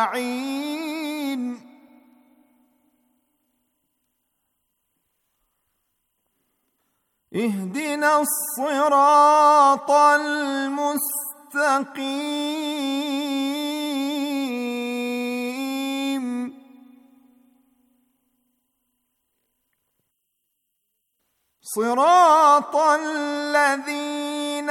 أجمعين اهدنا الصراط المستقيم صراط الذين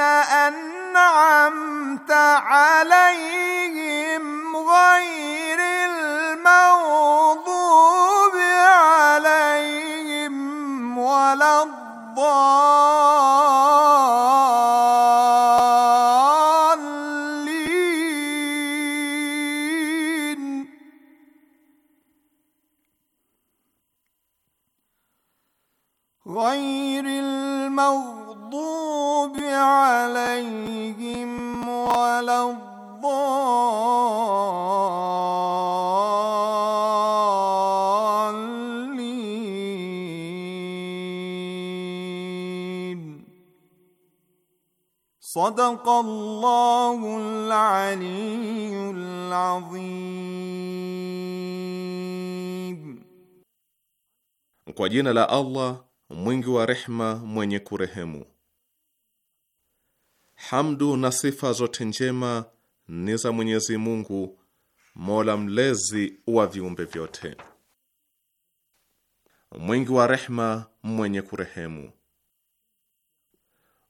أنعمت عليهم غير المغضوب عليهم ولا الضالين Sadaqallahul aliyyul azim. Kwa jina la Allah mwingi wa rehma mwenye kurehemu. Hamdu na sifa zote njema ni za Mwenyezi Mungu mola mlezi wa viumbe vyote, mwingi wa rehma mwenye kurehemu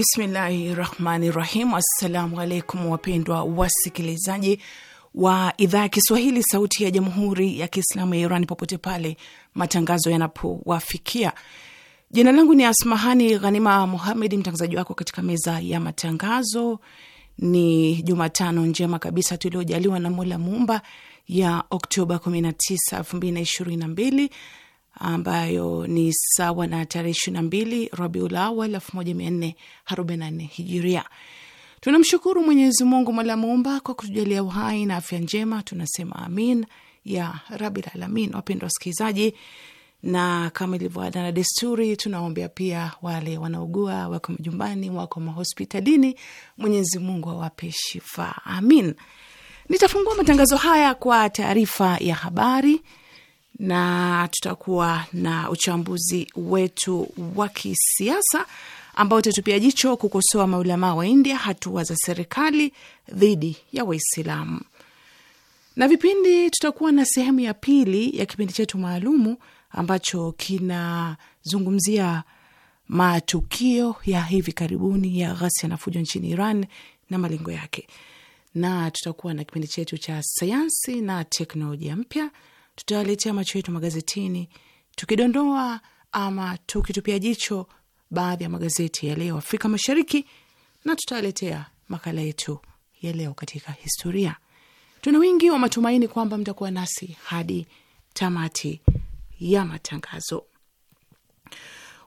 Bismillahi rahmani rahim. Assalamu alaikum wapendwa wasikilizaji wa idhaa ya Kiswahili sauti ya jamhuri ya Kiislamu ya Iran popote pale matangazo yanapowafikia. Jina langu ni Asmahani Ghanima Muhamedi, mtangazaji wako katika meza ya matangazo. Ni Jumatano njema kabisa tuliojaliwa na Mola Muumba ya Oktoba 19, 2022 ambayo ni sawa na tarehe ishirini na mbili Rabiul Awal elfu moja mia nne arobaini na nne hijiria. Tunamshukuru Mwenyezi Mungu mola muumba kwa kutujalia uhai na afya njema, tunasema amin ya rabil alamin. Wapendwa wasikilizaji, na kama ilivyo ada na desturi, tunaombea pia wale wanaugua, wako majumbani, wako mahospitalini, Mwenyezi Mungu awape shifa, amin. Nitafungua matangazo haya kwa taarifa ya habari na tutakuwa na uchambuzi wetu wa kisiasa ambao utatupia jicho kukosoa maulamaa wa India, hatua za serikali dhidi ya Waislamu na vipindi. Tutakuwa na sehemu ya pili ya kipindi chetu maalumu ambacho kinazungumzia matukio ya hivi karibuni ya ghasia na fujo nchini Iran na malengo yake, na tutakuwa na kipindi chetu cha sayansi na teknolojia mpya tutawaletea macho yetu magazetini, tukidondoa ama tukitupia jicho baadhi ya magazeti ya leo Afrika Mashariki, na tutawaletea makala yetu ya leo katika historia. Tuna wingi wa matumaini kwamba mtakuwa nasi hadi tamati ya matangazo.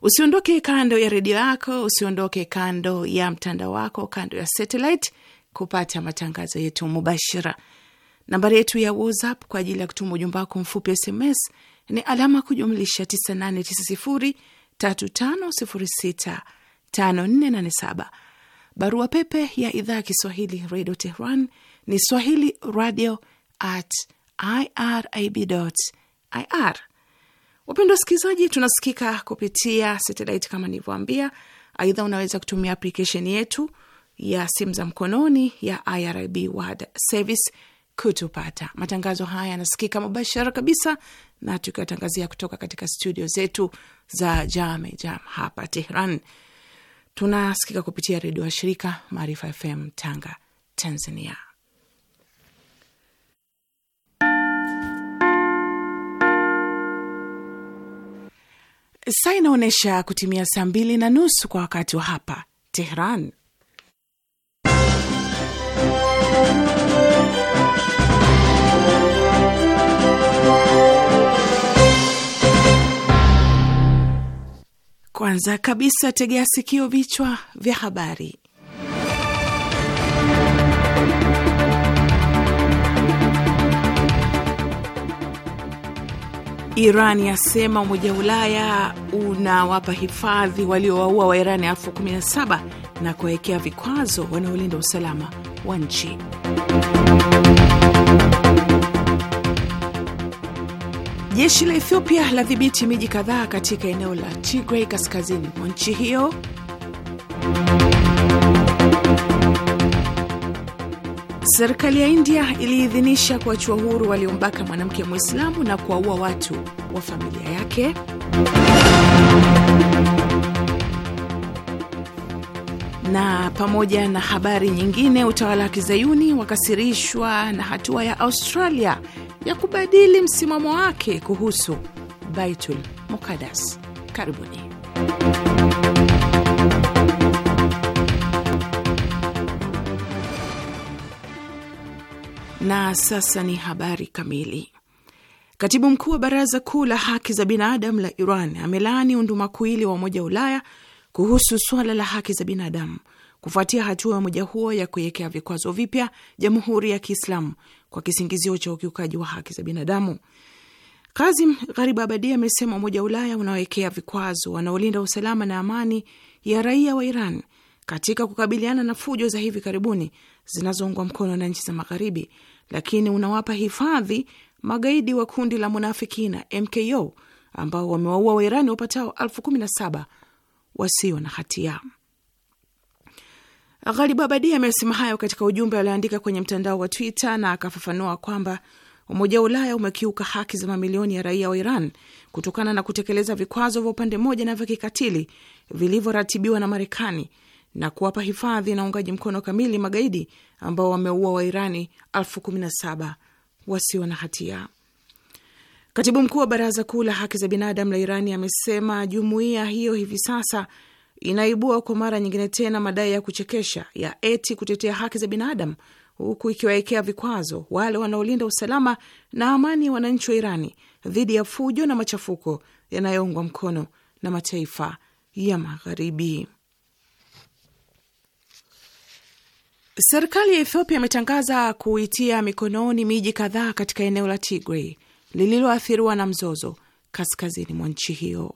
Usiondoke kando ya redio yako, usiondoke kando ya mtandao wako, kando ya satellite kupata matangazo yetu mubashira. Nambari yetu ya WhatsApp kwa ajili ya kutuma ujumbe wako mfupi SMS ni alama kujumlisha 989035065487. Barua pepe ya idhaa ya Kiswahili Radio Tehran ni swahili radio at irib ir. Wapendwa wasikilizaji, tunasikika kupitia satelaiti kama nilivyoambia. Aidha, unaweza kutumia aplikesheni yetu ya simu za mkononi ya IRIB World Service kutupata. Matangazo haya yanasikika mubashara kabisa na tukiwatangazia kutoka katika studio zetu za Jame Jam hapa Tehran. Tunasikika kupitia redio wa shirika Maarifa FM Tanga, Tanzania. Saa inaonyesha kutimia saa mbili na nusu kwa wakati wa hapa Tehran. Kwanza kabisa, tegea sikio vichwa vya habari. Iran yasema Umoja wa Ulaya unawapa hifadhi waliowaua wa Irani elfu 17 na kuwawekea vikwazo wanaolinda usalama wa nchi. Jeshi la Ethiopia ladhibiti miji kadhaa katika eneo la Tigray kaskazini mwa nchi hiyo. Serikali ya India iliidhinisha kuachia huru waliombaka mwanamke Mwislamu na kuwaua watu wa familia yake. na pamoja na habari nyingine, utawala wa kizayuni wakasirishwa na hatua ya Australia ya kubadili msimamo wake kuhusu Baitul Mukadas. Karibuni. Na sasa ni habari kamili. Katibu mkuu wa Baraza Kuu la Haki za Binadamu la Iran amelaani undumakuili wa Umoja wa Ulaya kuhusu suala la haki za binadamu kufuatia hatua ya umoja huo ya kuiwekea vikwazo vipya Jamhuri ya Kiislamu kwa kisingizio cha ukiukaji wa haki za binadamu. Kazim Abadi amesema Umoja wa Ulaya unawekea vikwazo wanaolinda usalama na amani ya raia wa Iran katika kukabiliana na fujo za hivi karibuni zinazoungwa mkono na nchi za Magharibi, lakini unawapa hifadhi magaidi wa kundi la munafikina MKO ambao wamewaua Wairani wapatao elfu kumi na saba wasio na hatia. abadi amesema hayo katika ujumbe alioandika kwenye mtandao wa Twitter na akafafanua kwamba Umoja wa Ulaya umekiuka haki za mamilioni ya raia wa Iran kutokana na kutekeleza vikwazo vya upande mmoja na vya kikatili vilivyoratibiwa na Marekani na kuwapa hifadhi na uungaji mkono kamili magaidi ambao wameua Wairani elfu kumi na saba wasio na hatia. Katibu mkuu wa Baraza Kuu la Haki za Binadamu la Irani amesema jumuiya hiyo hivi sasa inaibua kwa mara nyingine tena madai ya kuchekesha ya eti kutetea haki za binadamu huku ikiwawekea vikwazo wale wanaolinda usalama na amani ya wananchi wa Irani dhidi ya fujo na machafuko yanayoungwa mkono na mataifa ya Magharibi. Serikali ya Ethiopia imetangaza kuitia mikononi miji kadhaa katika eneo la Tigray lililoathiriwa na mzozo kaskazini mwa nchi hiyo.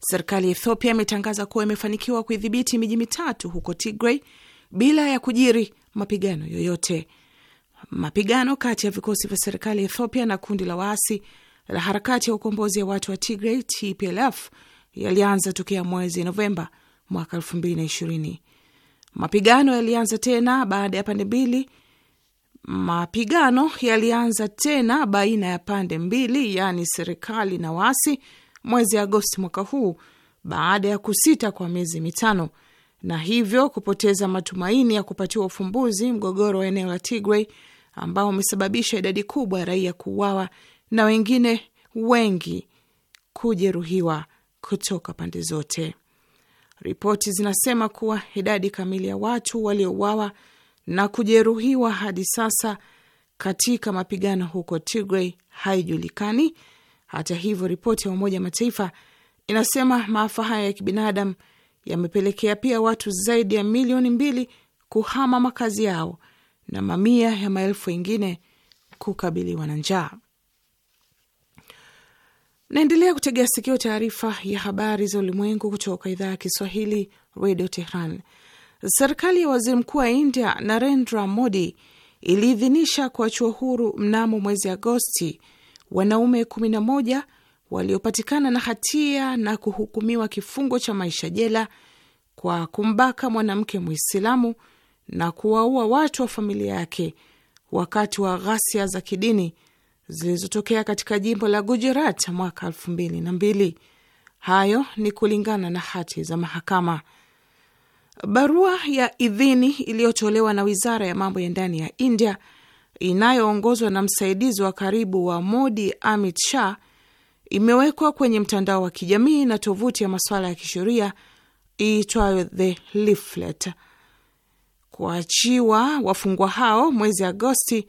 Serikali ya Ethiopia imetangaza kuwa imefanikiwa kuidhibiti miji mitatu huko Tigray bila ya kujiri mapigano yoyote. Mapigano kati ya vikosi vya serikali ya Ethiopia na kundi la waasi la harakati ya ukombozi ya watu wa Tigray TPLF yalianza tokea mwezi Novemba mwaka 2020. Mapigano yalianza tena baada ya pande mbili Mapigano yalianza tena baina ya pande mbili, yaani serikali na waasi, mwezi Agosti mwaka huu baada ya kusita kwa miezi mitano na hivyo kupoteza matumaini ya kupatiwa ufumbuzi mgogoro wa eneo la Tigray ambao umesababisha idadi kubwa ya raia kuuawa na wengine wengi kujeruhiwa kutoka pande zote. Ripoti zinasema kuwa idadi kamili ya watu waliouawa na kujeruhiwa hadi sasa katika mapigano huko Tigray haijulikani. Hata hivyo, ripoti ya Umoja Mataifa inasema maafa haya ya kibinadamu yamepelekea pia watu zaidi ya milioni mbili kuhama makazi yao na mamia ya maelfu wengine kukabiliwa na njaa. Naendelea kutegea sikio taarifa ya habari za ulimwengu kutoka idhaa ya Kiswahili, Radio Tehran. Serikali ya waziri mkuu wa India Narendra Modi iliidhinisha kuachua huru mnamo mwezi Agosti wanaume 11 waliopatikana na hatia na kuhukumiwa kifungo cha maisha jela kwa kumbaka mwanamke mwislamu na kuwaua watu wa familia yake wakati wa ghasia za kidini zilizotokea katika jimbo la Gujarat mwaka elfu mbili na mbili. Hayo ni kulingana na hati za mahakama. Barua ya idhini iliyotolewa na wizara ya mambo ya ndani ya India inayoongozwa na msaidizi wa karibu wa Modi, Amit Shah, imewekwa kwenye mtandao wa kijamii na tovuti ya masuala ya kisheria iitwayo The Leaflet. Kuachiwa wafungwa hao mwezi Agosti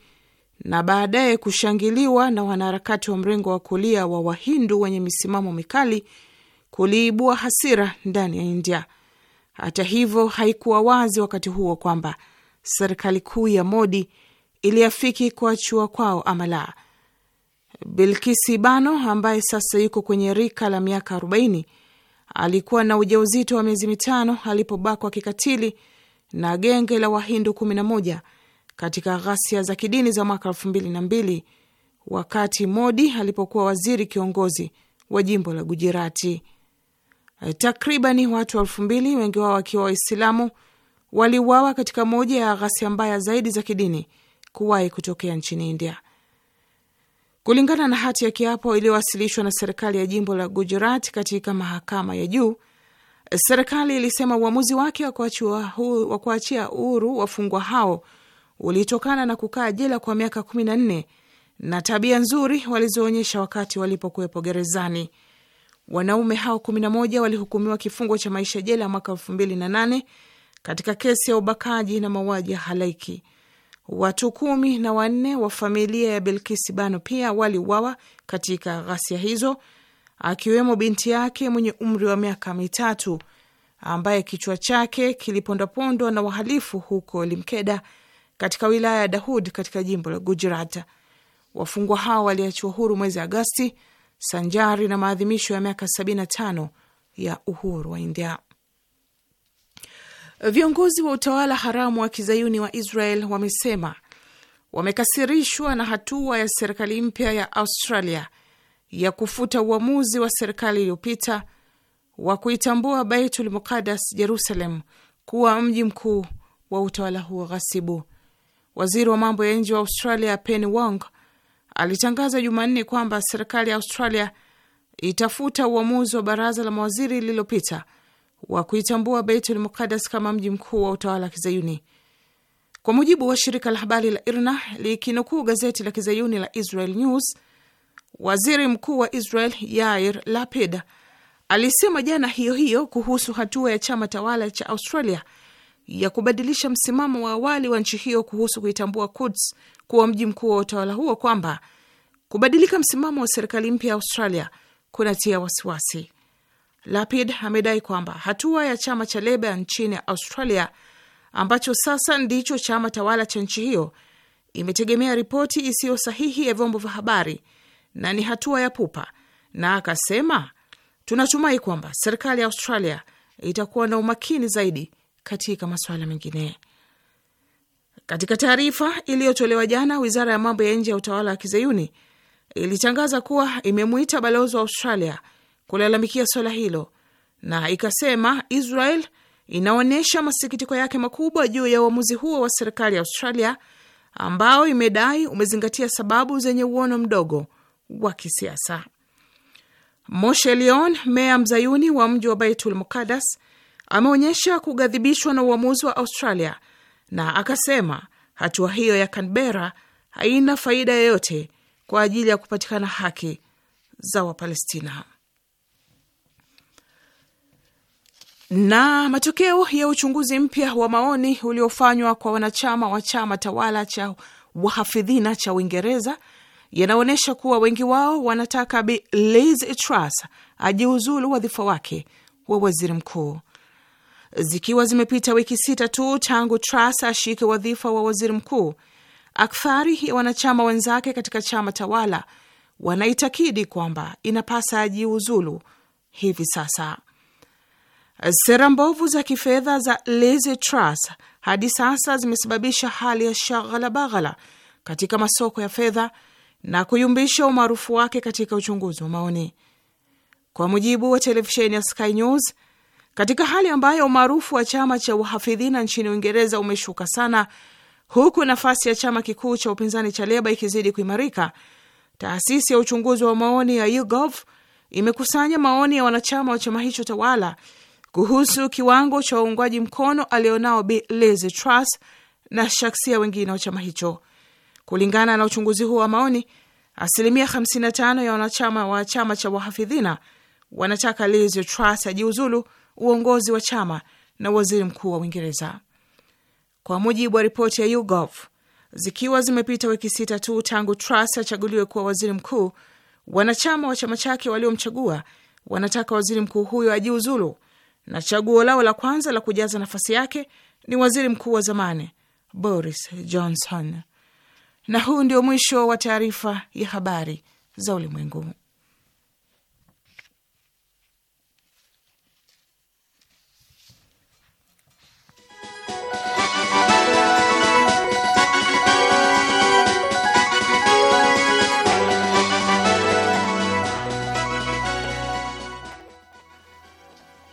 na baadaye kushangiliwa na wanaharakati wa mrengo wa kulia wa Wahindu wenye misimamo mikali kuliibua hasira ndani ya India. Hata hivyo, haikuwa wazi wakati huo kwamba serikali kuu ya Modi iliafiki kuachua kwao ama la. Bilkisi Bano ambaye sasa yuko kwenye rika la miaka 40 alikuwa na ujauzito wa miezi mitano alipobakwa kikatili na genge la Wahindu 11 katika ghasia za kidini za mwaka 2002 wakati Modi alipokuwa waziri kiongozi wa jimbo la Gujirati. Eh, takribani watu elfu mbili, wengi wao wakiwa Waislamu, waliuawa katika moja ya ghasia mbaya zaidi za kidini kuwahi kutokea nchini India. Kulingana na hati ya kiapo iliyowasilishwa na serikali ya jimbo la Gujarat katika mahakama ya juu, eh, serikali ilisema uamuzi wake wa kuachia uhuru wafungwa hao ulitokana na kukaa jela kwa miaka 14 na tabia nzuri walizoonyesha wakati walipokuwepo gerezani. Wanaume hao moja walihukumiwa kifungo cha maisha jela mwaka nane katika kesi ya ubakaji na mauaji ya halaiki. Watu kumi na wanne wa familia ya Belkisi Bano pia waliuawa katika ghasia hizo, akiwemo binti yake mwenye umri wa miaka mitatu ambaye kichwa chake kilipondwapondwa na wahalifu huko Limkeda katika wilaya ya Dahud katika jimbo la Gujarat. Wafungwa hao waliachiwa huru mwezi Agasti sanjari na maadhimisho ya miaka 75 ya uhuru wa India. Viongozi wa utawala haramu wa kizayuni wa Israel wamesema wamekasirishwa na hatua ya serikali mpya ya Australia ya kufuta uamuzi wa serikali iliyopita wa kuitambua Baitul Muqaddas Jerusalem kuwa mji mkuu wa utawala huo ghasibu. Waziri wa mambo ya nje wa Australia Penny Wong alitangaza Jumanne kwamba serikali ya Australia itafuta uamuzi wa baraza la mawaziri lililopita wa kuitambua Beitul Mukadas kama mji mkuu wa utawala wa Kizayuni. Kwa mujibu wa shirika la habari la IRNA likinukuu gazeti la Kizayuni la Israel News, waziri mkuu wa Israel Yair Lapid alisema jana hiyo hiyo kuhusu hatua ya chama tawala cha Australia ya kubadilisha msimamo wa awali wa nchi hiyo kuhusu kuitambua Quds kuwa mji mkuu wa utawala huo kwamba kubadilika msimamo wa serikali mpya ya Australia kunatia wasiwasi. Lapid amedai kwamba hatua ya chama cha Leba nchini Australia ambacho sasa ndicho chama tawala cha nchi hiyo imetegemea ripoti isiyo sahihi ya vyombo vya habari na ni hatua ya pupa, na akasema tunatumai kwamba serikali ya Australia itakuwa na umakini zaidi katika masuala mengine. Katika taarifa iliyotolewa jana, wizara ya mambo ya nje ya utawala wa kizayuni ilitangaza kuwa imemwita balozi wa Australia kulalamikia swala hilo na ikasema Israel inaonyesha masikitiko yake makubwa juu ya uamuzi huo wa serikali ya Australia ambao imedai umezingatia sababu zenye uono mdogo wa kisiasa. Moshe Leon, meya mzayuni wa mji wa Baitul Mukadas, ameonyesha kughadhibishwa na uamuzi wa Australia na akasema hatua hiyo ya Canberra haina faida yoyote kwa ajili ya kupatikana haki za Wapalestina. Na matokeo ya uchunguzi mpya wa maoni uliofanywa kwa wanachama wa chama tawala cha wahafidhina cha Uingereza yanaonyesha kuwa wengi wao wanataka Bi Liz Truss ajiuzulu wadhifa wake wa waziri mkuu. Zikiwa zimepita wiki sita tu tangu Truss ashike wadhifa wa waziri mkuu, akthari ya wanachama wenzake katika chama tawala wanaitakidi kwamba inapasa ajiuzulu hivi sasa. Sera mbovu za kifedha za Liz Truss hadi sasa zimesababisha hali ya shaghala baghala katika masoko ya fedha na kuyumbisha umaarufu wake katika uchunguzi wa maoni. Kwa mujibu wa televisheni ya Sky News, katika hali ambayo umaarufu wa chama cha uhafidhina nchini Uingereza umeshuka sana, huku nafasi ya chama kikuu cha upinzani cha Leba ikizidi kuimarika. Taasisi ya uchunguzi wa maoni ya YouGov imekusanya maoni ya wanachama wa chama hicho tawala kuhusu kiwango cha uungwaji mkono alionao Bi Liz Truss na shaksia wengine wa chama hicho. Kulingana na uchunguzi huo wa maoni, asilimia 55 ya wanachama wa chama cha wahafidhina wanataka Liz Truss ajiuzulu uongozi wa chama na waziri mkuu wa Uingereza, kwa mujibu wa ripoti ya YouGov. Zikiwa zimepita wiki sita tu tangu Truss achaguliwe kuwa waziri mkuu, wanachama wa chama chake waliomchagua wanataka waziri mkuu huyo ajiuzulu, na chaguo lao la kwanza la kujaza nafasi yake ni waziri mkuu wa zamani Boris Johnson. Na huu ndio mwisho wa taarifa ya habari za ulimwengu.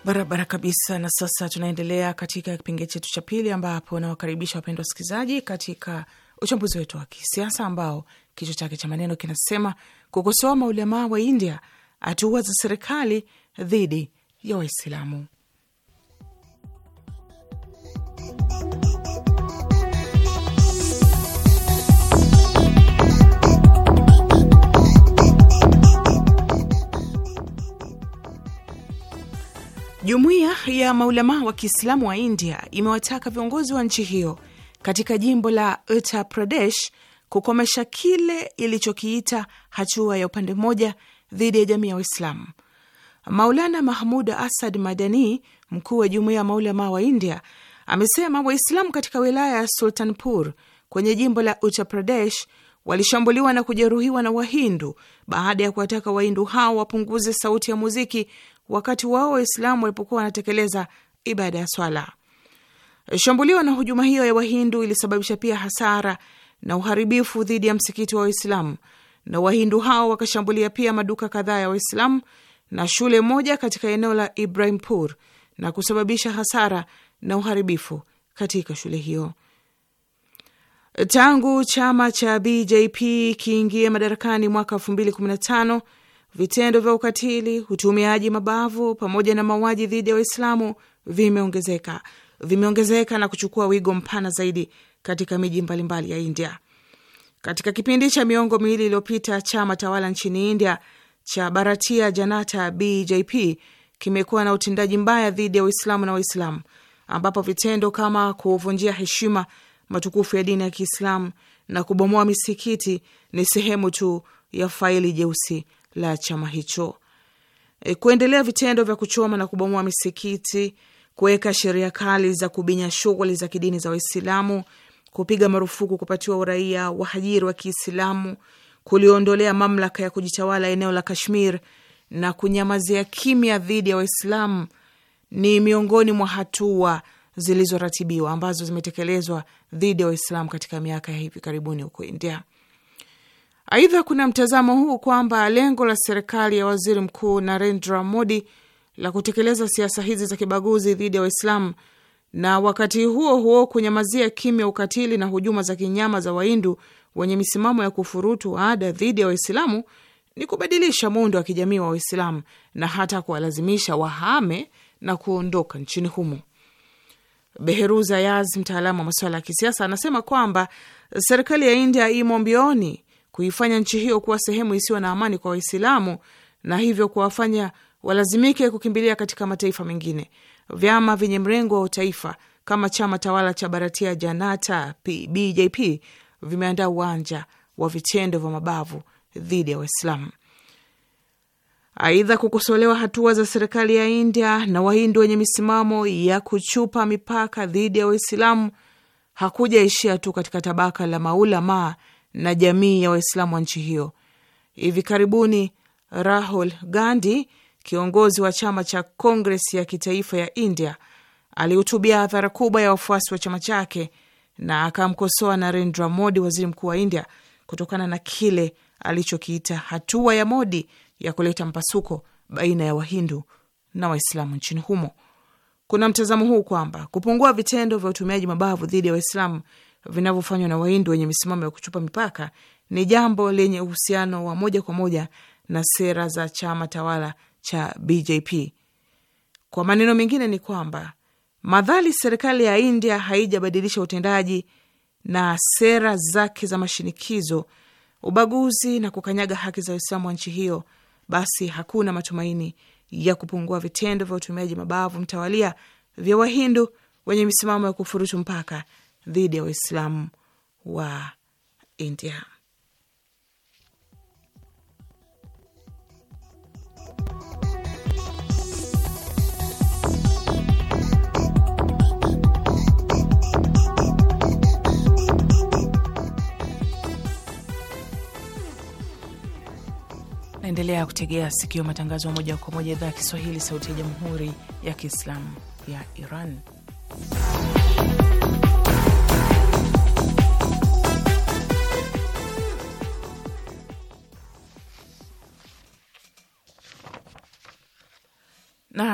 Barabara kabisa. Na sasa tunaendelea katika kipengele chetu cha pili, ambapo nawakaribisha wapendwa wasikilizaji katika uchambuzi wetu wa kisiasa ambao kichwa chake cha maneno kinasema kukosoa maulamaa wa India, hatua za serikali dhidi ya Waislamu. Jumuiya ya maulamaa wa Kiislamu wa India imewataka viongozi wa nchi hiyo katika jimbo la Uttar Pradesh kukomesha kile ilichokiita hatua ya upande mmoja dhidi ya jamii ya Waislamu. Maulana Mahmud Asad Madani, mkuu wa jumuiya ya maulamaa wa India, amesema Waislamu katika wilaya ya Sultanpur kwenye jimbo la Uttar Pradesh walishambuliwa na kujeruhiwa na Wahindu baada ya kuwataka Wahindu hao wapunguze sauti ya muziki wakati wao Waislamu walipokuwa wanatekeleza ibada ya swala. Shambulio na hujuma hiyo ya Wahindu ilisababisha pia hasara na uharibifu dhidi ya msikiti wa Waislamu, na Wahindu hao wakashambulia pia maduka kadhaa ya Waislamu na shule moja katika eneo la Ibrahimpur na kusababisha hasara na uharibifu katika shule hiyo. Tangu chama cha BJP kiingie madarakani mwaka tano vitendo vya ukatili, utumiaji mabavu pamoja na mauaji dhidi ya Waislamu vimeongezeka vimeongezeka na kuchukua wigo mpana zaidi katika miji mbalimbali ya India. Katika kipindi cha miongo miwili iliyopita, chama tawala nchini India cha Bharatiya Janata BJP kimekuwa na utendaji mbaya dhidi ya Uislamu na Waislamu, ambapo vitendo kama kuvunjia heshima matukufu ya dini ya Kiislamu na kubomoa misikiti ni sehemu tu ya faili jeusi la chama hicho, e, kuendelea vitendo vya kuchoma na kubomoa misikiti, kuweka sheria kali za kubinya shughuli za kidini za Waislamu, kupiga marufuku kupatiwa uraia wahajiri wa Kiislamu, kuliondolea mamlaka ya kujitawala eneo la Kashmir na kunyamazia kimya dhidi ya Waislamu ni miongoni mwa hatua zilizoratibiwa ambazo zimetekelezwa dhidi ya Waislamu katika miaka ya hivi karibuni huko India. Aidha, kuna mtazamo huu kwamba lengo la serikali ya waziri mkuu Narendra Modi la kutekeleza siasa hizi za kibaguzi dhidi ya Waislamu na wakati huo huo kunyamazia kimya ukatili na hujuma za kinyama za Wahindu wenye misimamo ya kufurutu ada dhidi ya Waislamu ni kubadilisha muundo wa kijamii wa Waislamu na hata kuwalazimisha wahame na kuondoka nchini humo. Beheruza Yaz, mtaalamu wa masuala ya kisiasa, anasema kwamba serikali ya India imo mbioni kuifanya nchi hiyo kuwa sehemu isiyo na amani kwa Waislamu na hivyo kuwafanya walazimike kukimbilia katika mataifa mengine. Vyama vyenye mrengo wa utaifa kama chama tawala cha Baratia Janata BJP vimeandaa uwanja wa vitendo vya mabavu dhidi ya Waislamu. Aidha, kukosolewa hatua za serikali ya India na Wahindi wenye misimamo ya kuchupa mipaka dhidi ya Waislamu hakujaishia tu katika tabaka la maulamaa na jamii ya Waislamu wa nchi hiyo. Hivi karibuni Rahul Gandhi, kiongozi wa chama cha Kongres ya kitaifa ya India, alihutubia hadhara kubwa ya wafuasi wa chama chake na akamkosoa Narendra Modi, waziri mkuu wa India, kutokana na kile alichokiita hatua ya Modi ya kuleta mpasuko baina ya Wahindu na Waislamu nchini humo. Kuna mtazamo huu kwamba kupungua vitendo vya utumiaji mabavu dhidi ya Waislamu vinavyofanywa na Wahindi wenye misimamo ya kuchupa mipaka ni jambo lenye uhusiano wa moja kwa moja na sera za chama tawala cha BJP. Kwa maneno mengine ni kwamba madhali serikali ya India haijabadilisha utendaji na sera zake za mashinikizo, ubaguzi na kukanyaga haki za Waislamu wa nchi hiyo, basi hakuna matumaini ya kupungua vitendo vya utumiaji mabavu mtawalia vya Wahindu wenye misimamo ya kufurutu mpaka dhidi ya Waislamu wa India. Naendelea kutegea sikio matangazo ya moja kwa moja idhaa ya Kiswahili, sauti ya jamhuri ya kiislamu ya Iran.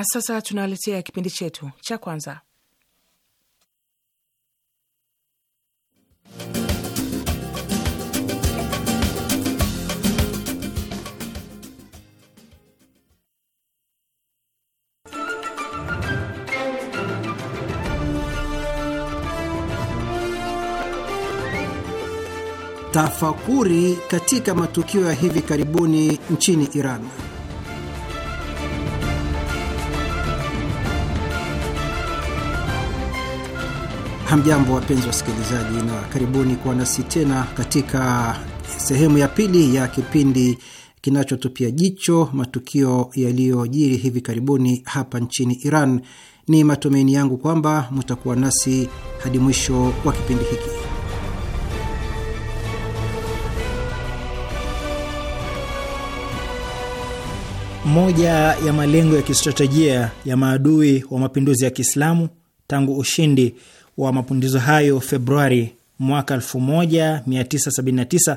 Ah, sasa tunawaletea kipindi chetu cha kwanza Tafakuri katika matukio ya hivi karibuni nchini Iran. Hamjambo, wapenzi wasikilizaji, na karibuni kuwa nasi tena katika sehemu ya pili ya kipindi kinachotupia jicho matukio yaliyojiri hivi karibuni hapa nchini Iran. Ni matumaini yangu kwamba mutakuwa nasi hadi mwisho wa kipindi hiki. Moja ya malengo ya kistratejia ya maadui wa mapinduzi ya Kiislamu tangu ushindi wa mapinduzi hayo Februari mwaka 1979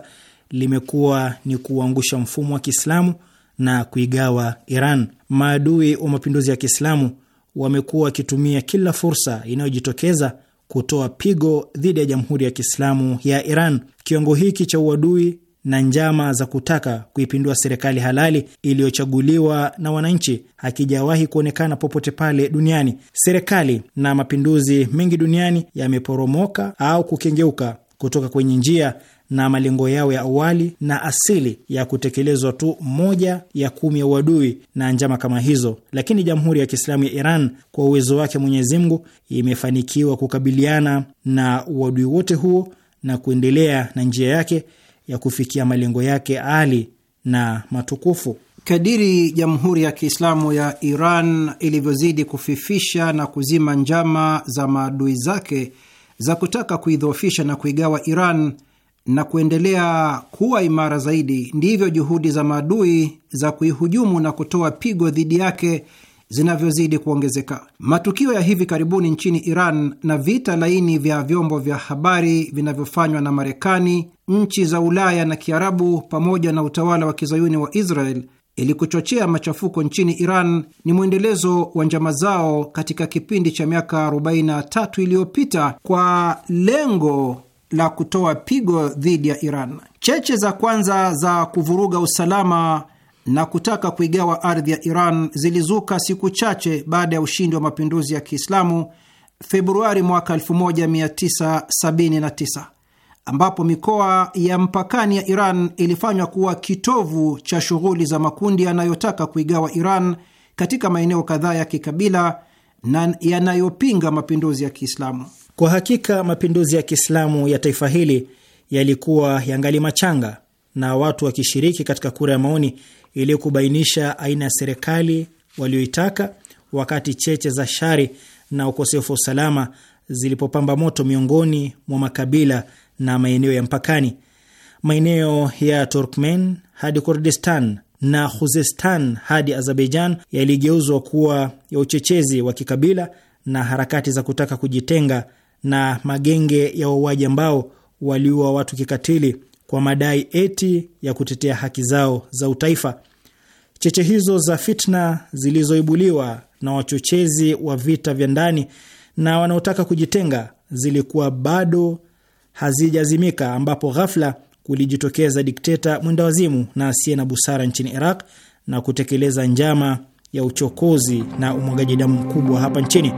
limekuwa ni kuuangusha mfumo wa Kiislamu na kuigawa Iran. Maadui wa mapinduzi ya Kiislamu wamekuwa wakitumia kila fursa inayojitokeza kutoa pigo dhidi ya Jamhuri ya Kiislamu ya Iran. Kiwango hiki cha uadui na njama za kutaka kuipindua serikali halali iliyochaguliwa na wananchi hakijawahi kuonekana popote pale duniani. Serikali na mapinduzi mengi duniani yameporomoka au kukengeuka kutoka kwenye njia na malengo yao ya awali na asili ya kutekelezwa tu moja ya kumi ya uadui na njama kama hizo. Lakini Jamhuri ya Kiislamu ya Iran kwa uwezo wake Mwenyezi Mungu imefanikiwa kukabiliana na uadui wote huo na kuendelea na njia yake ya kufikia malengo yake ali na matukufu. Kadiri Jamhuri ya Kiislamu ya Iran ilivyozidi kufifisha na kuzima njama za maadui zake za kutaka kuidhoofisha na kuigawa Iran na kuendelea kuwa imara zaidi, ndivyo juhudi za maadui za kuihujumu na kutoa pigo dhidi yake zinavyozidi kuongezeka. Matukio ya hivi karibuni nchini Iran na vita laini vya vyombo vya habari vinavyofanywa na Marekani, nchi za Ulaya na Kiarabu pamoja na utawala wa kizayuni wa Israel ili kuchochea machafuko nchini Iran ni mwendelezo wa njama zao katika kipindi cha miaka 43 iliyopita kwa lengo la kutoa pigo dhidi ya Iran. Cheche za kwanza za kuvuruga usalama na kutaka kuigawa ardhi ya Iran zilizuka siku chache baada ya ushindi wa mapinduzi ya Kiislamu Februari mwaka 1979 ambapo mikoa ya mpakani ya Iran ilifanywa kuwa kitovu cha shughuli za makundi yanayotaka kuigawa Iran katika maeneo kadhaa ya kikabila na yanayopinga mapinduzi ya Kiislamu. Kwa hakika mapinduzi ya Kiislamu ya taifa hili yalikuwa yangali machanga na watu wakishiriki katika kura ya maoni ili kubainisha aina ya serikali walioitaka, wakati cheche za shari na ukosefu wa usalama zilipopamba moto miongoni mwa makabila na maeneo ya mpakani. Maeneo ya Turkmen hadi Kurdistan na Khuzestan hadi Azerbaijan yaligeuzwa kuwa ya uchechezi wa kikabila na harakati za kutaka kujitenga na magenge ya wauaji ambao waliua watu kikatili kwa madai eti ya kutetea haki zao za utaifa. Cheche hizo za fitna zilizoibuliwa na wachochezi wa vita vya ndani na wanaotaka kujitenga zilikuwa bado hazijazimika, ambapo ghafla kulijitokeza dikteta mwendawazimu na asiye na busara nchini Iraq na kutekeleza njama ya uchokozi na umwagaji damu mkubwa hapa nchini.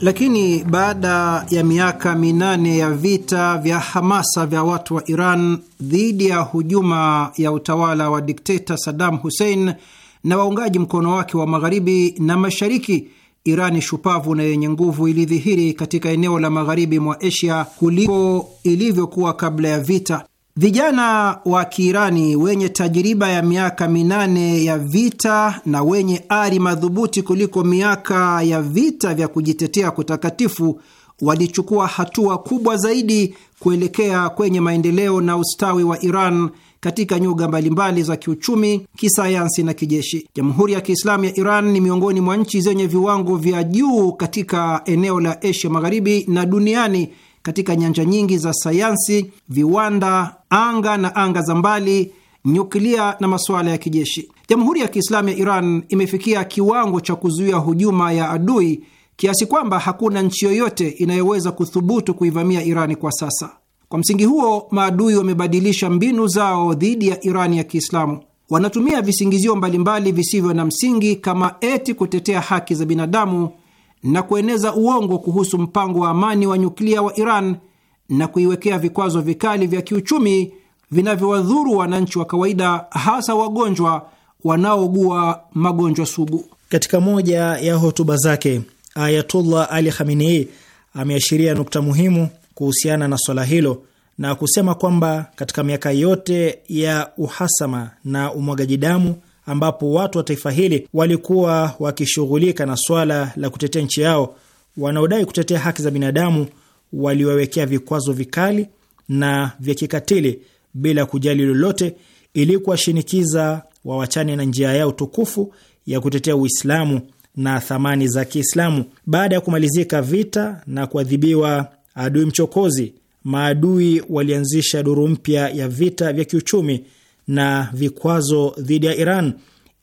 Lakini baada ya miaka minane ya vita vya hamasa vya watu wa Iran dhidi ya hujuma ya utawala wa dikteta Saddam Hussein na waungaji mkono wake wa magharibi na mashariki, Irani shupavu na yenye nguvu ilidhihiri katika eneo la magharibi mwa Asia kuliko ilivyokuwa kabla ya vita, Vijana wa Kiirani wenye tajiriba ya miaka minane ya vita na wenye ari madhubuti kuliko miaka ya vita vya kujitetea kutakatifu walichukua hatua kubwa zaidi kuelekea kwenye maendeleo na ustawi wa Iran katika nyuga mbalimbali za kiuchumi, kisayansi na kijeshi. Jamhuri ya Kiislamu ya Iran ni miongoni mwa nchi zenye viwango vya juu katika eneo la Asia Magharibi na duniani katika nyanja nyingi za sayansi, viwanda, anga na anga za mbali, nyuklia na masuala ya kijeshi. Jamhuri ya Kiislamu ya Iran imefikia kiwango cha kuzuia hujuma ya adui kiasi kwamba hakuna nchi yoyote inayoweza kuthubutu kuivamia Irani kwa sasa. Kwa msingi huo, maadui wamebadilisha mbinu zao dhidi ya Irani ya Kiislamu. Wanatumia visingizio mbalimbali visivyo na msingi kama eti kutetea haki za binadamu na kueneza uongo kuhusu mpango wa amani wa nyuklia wa Iran na kuiwekea vikwazo vikali vya kiuchumi vinavyowadhuru wananchi wa kawaida, hasa wagonjwa wanaogua magonjwa sugu. Katika moja ya hotuba zake, Ayatullah Ali Khamenei ameashiria nukta muhimu kuhusiana na swala hilo na kusema kwamba katika miaka yote ya uhasama na umwagaji damu ambapo watu wa taifa hili walikuwa wakishughulika na swala la kutetea nchi yao, wanaodai kutetea haki za binadamu waliwawekea vikwazo vikali na vya kikatili bila kujali lolote, ili kuwashinikiza wawachane na njia yao tukufu ya kutetea Uislamu na thamani za Kiislamu. Baada ya kumalizika vita na kuadhibiwa adui mchokozi, maadui walianzisha duru mpya ya vita vya kiuchumi na vikwazo dhidi ya Iran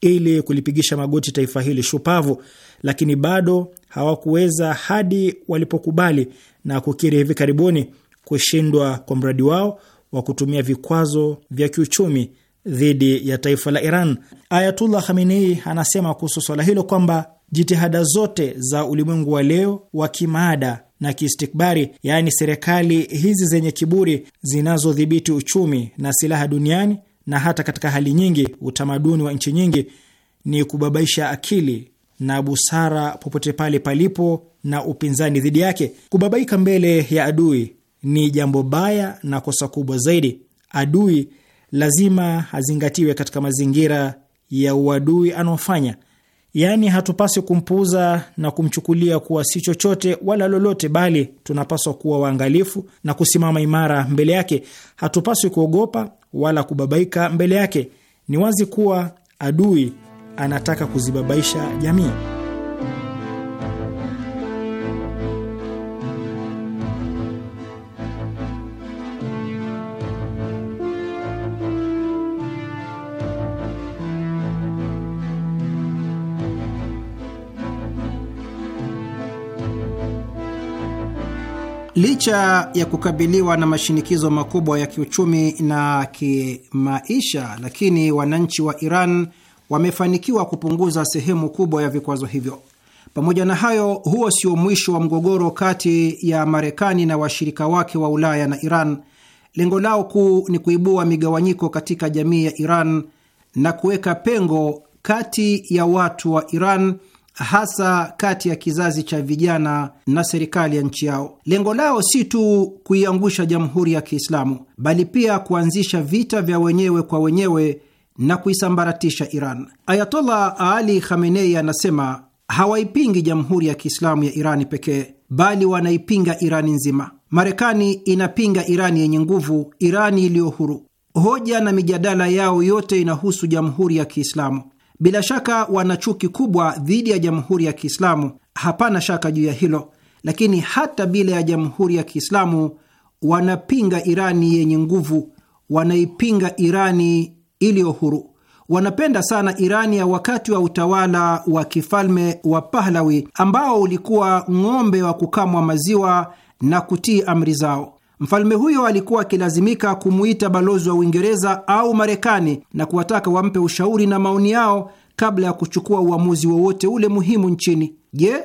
ili kulipigisha magoti taifa hili shupavu, lakini bado hawakuweza hadi walipokubali na kukiri hivi karibuni kushindwa kwa mradi wao wa kutumia vikwazo vya kiuchumi dhidi ya taifa la Iran. Ayatullah Khamenei anasema kuhusu swala hilo kwamba jitihada zote za ulimwengu wa leo wa kimaada na kiistikbari, yaani serikali hizi zenye kiburi zinazodhibiti uchumi na silaha duniani na hata katika hali nyingi utamaduni wa nchi nyingi ni kubabaisha akili na busara popote pale palipo na upinzani dhidi yake. Kubabaika mbele ya adui ni jambo baya na kosa kubwa zaidi. Adui lazima azingatiwe katika mazingira ya uadui anaofanya, yaani hatupaswi kumpuuza na kumchukulia kuwa si chochote wala lolote, bali tunapaswa kuwa waangalifu na kusimama imara mbele yake. Hatupaswi kuogopa wala kubabaika mbele yake. Ni wazi kuwa adui anataka kuzibabaisha jamii. Licha ya kukabiliwa na mashinikizo makubwa ya kiuchumi na kimaisha, lakini wananchi wa Iran wamefanikiwa kupunguza sehemu kubwa ya vikwazo hivyo. Pamoja na hayo, huo sio mwisho wa mgogoro kati ya Marekani na washirika wake wa Ulaya na Iran. Lengo lao kuu ni kuibua migawanyiko katika jamii ya Iran na kuweka pengo kati ya watu wa Iran hasa kati ya kizazi cha vijana na serikali ya nchi yao. Lengo lao si tu kuiangusha jamhuri ya Kiislamu, bali pia kuanzisha vita vya wenyewe kwa wenyewe na kuisambaratisha Iran. Ayatollah Ali Khamenei anasema hawaipingi jamhuri ya Kiislamu ya Irani pekee, bali wanaipinga Irani nzima. Marekani inapinga Irani yenye nguvu, Irani iliyo huru. Hoja na mijadala yao yote inahusu jamhuri ya Kiislamu. Bila shaka wana chuki kubwa dhidi ya Jamhuri ya Kiislamu, hapana shaka juu ya hilo, lakini hata bila ya Jamhuri ya Kiislamu wanapinga Irani yenye nguvu, wanaipinga Irani iliyo huru. Wanapenda sana Irani ya wakati wa utawala wa kifalme wa Pahlawi ambao ulikuwa ng'ombe wa kukamwa maziwa na kutii amri zao. Mfalme huyo alikuwa akilazimika kumuita balozi wa Uingereza au Marekani na kuwataka wampe ushauri na maoni yao kabla ya kuchukua uamuzi wowote ule muhimu nchini. Je,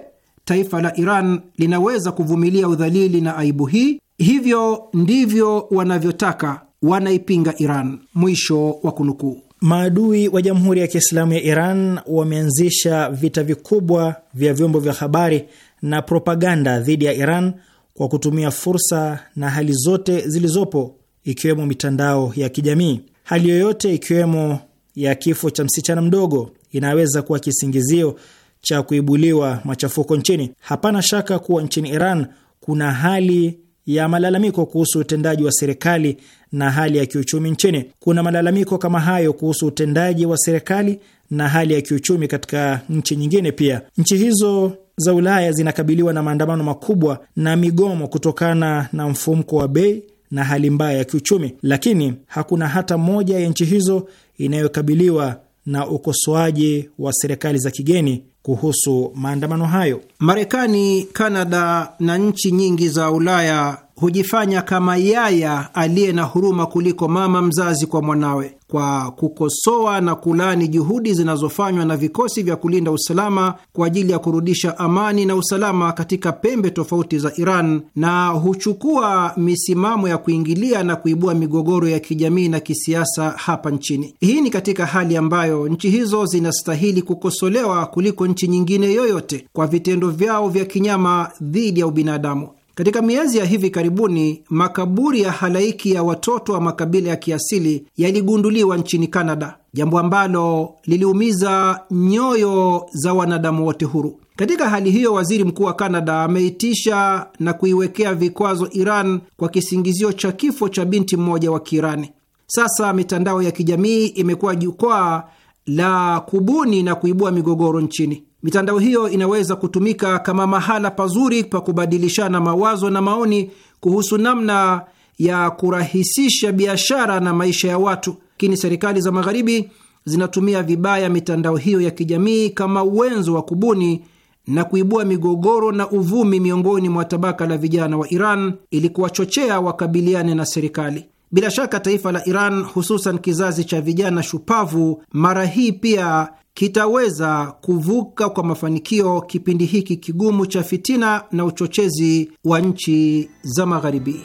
taifa la Iran linaweza kuvumilia udhalili na aibu hii? Hivyo ndivyo wanavyotaka, wanaipinga Iran. Mwisho wa kunukuu. Maadui wa Jamhuri ya Kiislamu ya Iran wameanzisha vita vikubwa vya vyombo vya habari na propaganda dhidi ya Iran kwa kutumia fursa na hali zote zilizopo ikiwemo mitandao ya kijamii. Hali yoyote ikiwemo ya kifo cha msichana mdogo inaweza kuwa kisingizio cha kuibuliwa machafuko nchini. Hapana shaka kuwa nchini Iran kuna hali ya malalamiko kuhusu utendaji wa serikali na hali ya kiuchumi nchini. Kuna malalamiko kama hayo kuhusu utendaji wa serikali na hali ya kiuchumi katika nchi nyingine pia. Nchi hizo za Ulaya zinakabiliwa na maandamano makubwa na migomo kutokana na mfumko wa bei na hali mbaya ya kiuchumi, lakini hakuna hata moja ya nchi hizo inayokabiliwa na ukosoaji wa serikali za kigeni kuhusu maandamano hayo. Marekani, Kanada na nchi nyingi za Ulaya hujifanya kama yaya aliye na huruma kuliko mama mzazi kwa mwanawe, kwa kukosoa na kulani juhudi zinazofanywa na vikosi vya kulinda usalama kwa ajili ya kurudisha amani na usalama katika pembe tofauti za Iran, na huchukua misimamo ya kuingilia na kuibua migogoro ya kijamii na kisiasa hapa nchini. Hii ni katika hali ambayo nchi hizo zinastahili kukosolewa kuliko nchi nyingine yoyote kwa vitendo vyao vya kinyama dhidi ya ubinadamu. Katika miezi ya hivi karibuni makaburi ya halaiki ya watoto wa makabila ya kiasili yaligunduliwa nchini Kanada, jambo ambalo liliumiza nyoyo za wanadamu wote huru. Katika hali hiyo, waziri mkuu wa Kanada ameitisha na kuiwekea vikwazo Iran kwa kisingizio cha kifo cha binti mmoja wa Kiirani. Sasa mitandao ya kijamii imekuwa jukwaa la kubuni na kuibua migogoro nchini. Mitandao hiyo inaweza kutumika kama mahala pazuri pa kubadilishana mawazo na maoni kuhusu namna ya kurahisisha biashara na maisha ya watu, lakini serikali za Magharibi zinatumia vibaya mitandao hiyo ya kijamii kama uwenzo wa kubuni na kuibua migogoro na uvumi miongoni mwa tabaka la vijana wa Iran ili kuwachochea wakabiliane na serikali. Bila shaka taifa la Iran, hususan kizazi cha vijana shupavu, mara hii pia kitaweza kuvuka kwa mafanikio kipindi hiki kigumu cha fitina na uchochezi wa nchi za Magharibi.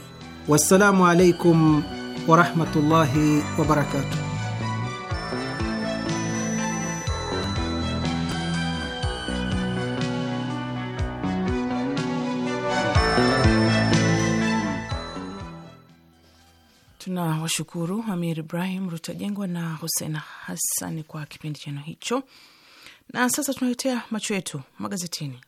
Wassalamu alaikum warahmatullahi wabarakatuh. Tunawashukuru Amir Ibrahim Rutajengwa na Hussein Hassani kwa kipindi chenu hicho, na sasa tunaletea macho yetu magazetini.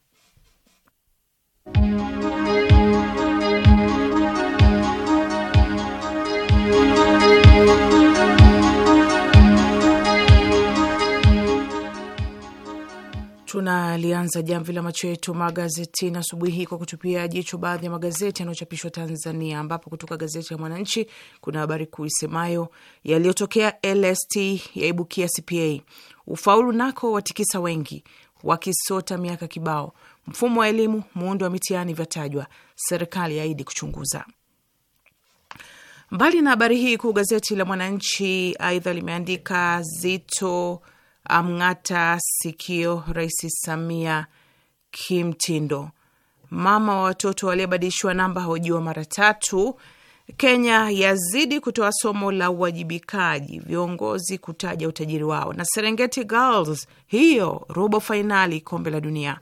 Tunalianza jamvi la macho yetu magazetini asubuhi hii kwa kutupia jicho baadhi ya magazeti yanayochapishwa Tanzania, ambapo kutoka gazeti la Mwananchi kuna habari kuu isemayo yaliyotokea LST yaibukia CPA, ufaulu nako watikisa wengi, wakisota miaka kibao, mfumo wa elimu, muundo wa mitihani vyatajwa, serikali yaahidi kuchunguza. Mbali na habari hii kuu, gazeti la Mwananchi aidha limeandika Zito amng'ata sikio Rais Samia kimtindo. Mama wa watoto waliobadilishiwa namba hojiwa mara tatu. Kenya yazidi kutoa somo la uwajibikaji, viongozi kutaja utajiri wao. Na Serengeti Girls hiyo robo fainali kombe la dunia.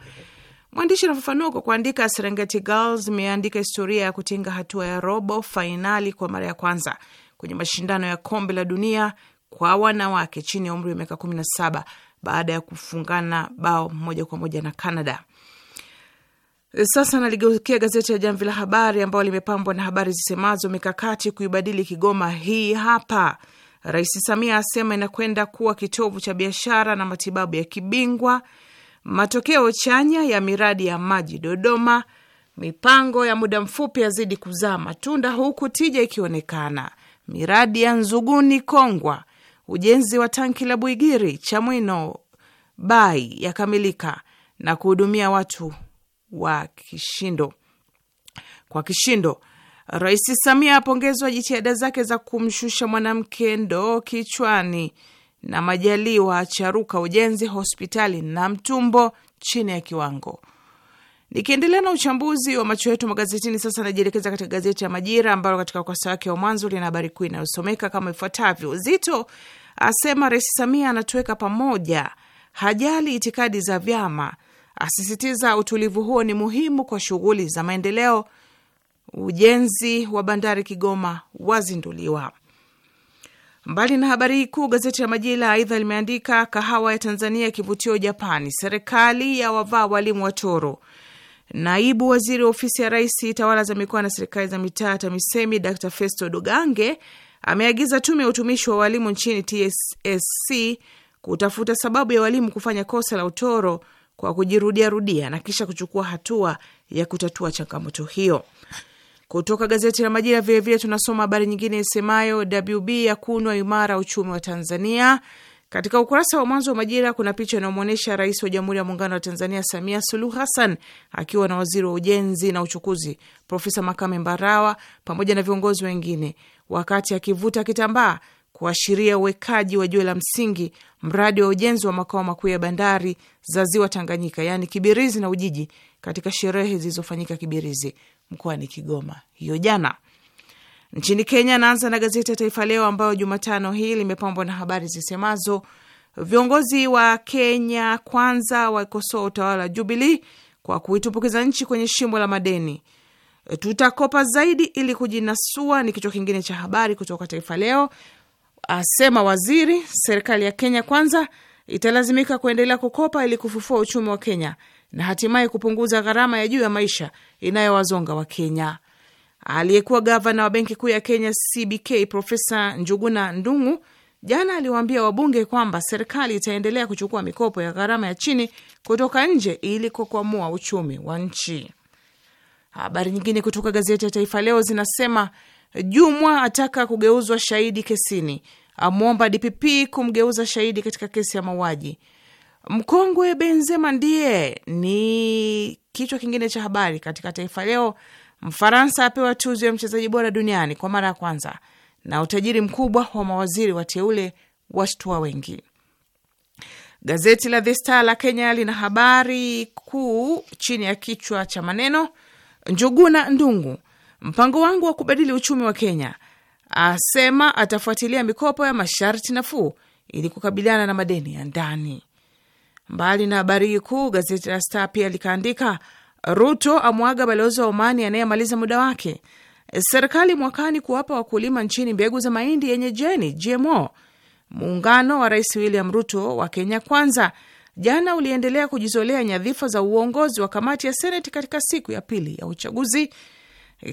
Mwandishi anafafanua kwa kuandika, Serengeti Girls imeandika historia ya kutinga hatua ya robo fainali kwa mara ya kwanza kwenye mashindano ya kombe la dunia kwa wanawake chini ya umri wa miaka saba baada ya kufungana bao moja kwa moja na Canada. Sasa naligeukia gazeti la Jamvi la Habari ambayo limepambwa na habari zisemazo mikakati kuibadili Kigoma. Hii hapa. Rais Samia asema inakwenda kuwa kitovu cha biashara na matibabu ya kibingwa. Matokeo chanya ya miradi ya maji Dodoma. Mipango ya muda mfupi yazidi kuzaa matunda huku tija ikionekana. Miradi ya Nzuguni Kongwa Ujenzi wa tanki la Bwigiri Chamwino Bai yakamilika na kuhudumia watu wa kishindo kwa kishindo. Rais Samia apongezwa jitihada zake za kumshusha mwanamke ndoo kichwani, na Majaliwa acharuka ujenzi hospitali na mtumbo chini ya kiwango. Nikiendelea na uchambuzi wa macho yetu magazetini, sasa najielekeza katika gazeti ya Majira ambalo katika ukurasa wake wa mwanzo lina habari kuu inayosomeka kama ifuatavyo: uzito asema Rais Samia anatuweka pamoja, hajali itikadi za vyama, asisitiza utulivu huo ni muhimu kwa shughuli za maendeleo. Ujenzi wa bandari Kigoma wazinduliwa. Mbali na habari hii kuu, gazeti la Majira aidha limeandika kahawa ya Tanzania kivutio Japani, serikali ya wavaa walimu watoro. Naibu waziri wa ofisi ya rais tawala za mikoa na serikali za mitaa TAMISEMI Dr Festo Dugange ameagiza tume ya utumishi wa walimu nchini TSC kutafuta sababu ya walimu kufanya kosa la utoro kwa kujirudiarudia na kisha kuchukua hatua ya kutatua changamoto hiyo. Kutoka gazeti la Majira vilevile tunasoma habari nyingine isemayo WB ya kunwa imara uchumi wa Tanzania. Katika ukurasa wa mwanzo wa Majira kuna picha inayomwonyesha Rais wa Jamhuri ya Muungano wa Tanzania Samia Suluhu Hassan akiwa na Waziri wa Ujenzi na Uchukuzi Profesa Makame Mbarawa pamoja na viongozi wengine wakati akivuta kitambaa kuashiria uwekaji wa jiwe la msingi mradi wa ujenzi wa makao makuu ya bandari za ziwa Tanganyika, yaani Kibirizi na Ujiji, katika sherehe zilizofanyika Kibirizi mkoani Kigoma hiyo jana. Nchini Kenya, naanza na gazeti ya Taifa Leo ambayo Jumatano hii limepambwa na habari zisemazo viongozi wa Kenya Kwanza wakosoa utawala wa Jubilii kwa kuitumbukiza nchi kwenye shimo la madeni. Tutakopa zaidi ili kujinasua, ni kichwa kingine cha habari kutoka Taifa Leo. Asema waziri, serikali ya Kenya Kwanza italazimika kuendelea kukopa ili kufufua uchumi wa Kenya na hatimaye kupunguza gharama ya juu ya maisha inayowazonga Wakenya. Aliyekuwa gavana wa benki kuu ya Kenya CBK Profesa Njuguna Ndung'u jana aliwaambia wabunge kwamba serikali itaendelea kuchukua mikopo ya gharama ya chini kutoka nje ili kukwamua uchumi wa nchi. Habari nyingine kutoka gazeti ya Taifa Leo zinasema Jumwa ataka kugeuzwa shahidi kesini, amwomba DPP kumgeuza shahidi katika kesi ya mauaji. Mkongwe Benzema ndiye ni kichwa kingine cha habari katika Taifa Leo. Mfaransa apewa tuzo ya mchezaji bora duniani kwa mara ya kwanza, na utajiri mkubwa wa mawaziri wateule washtua wengi. Gazeti la The Star la Kenya lina habari kuu chini ya kichwa cha maneno Njuguna Ndungu, mpango wangu wa kubadili uchumi wa Kenya, asema atafuatilia mikopo ya masharti nafuu ili kukabiliana na madeni ya ndani. Mbali na habari hii kuu, gazeti la Star pia likaandika Ruto amwaga balozi wa Omani anayemaliza muda wake. Serikali mwakani kuwapa wakulima nchini mbegu za mahindi yenye jeni GMO. Muungano wa Rais William Ruto wa Kenya Kwanza jana uliendelea kujizolea nyadhifa za uongozi wa kamati ya seneti katika siku ya pili ya uchaguzi,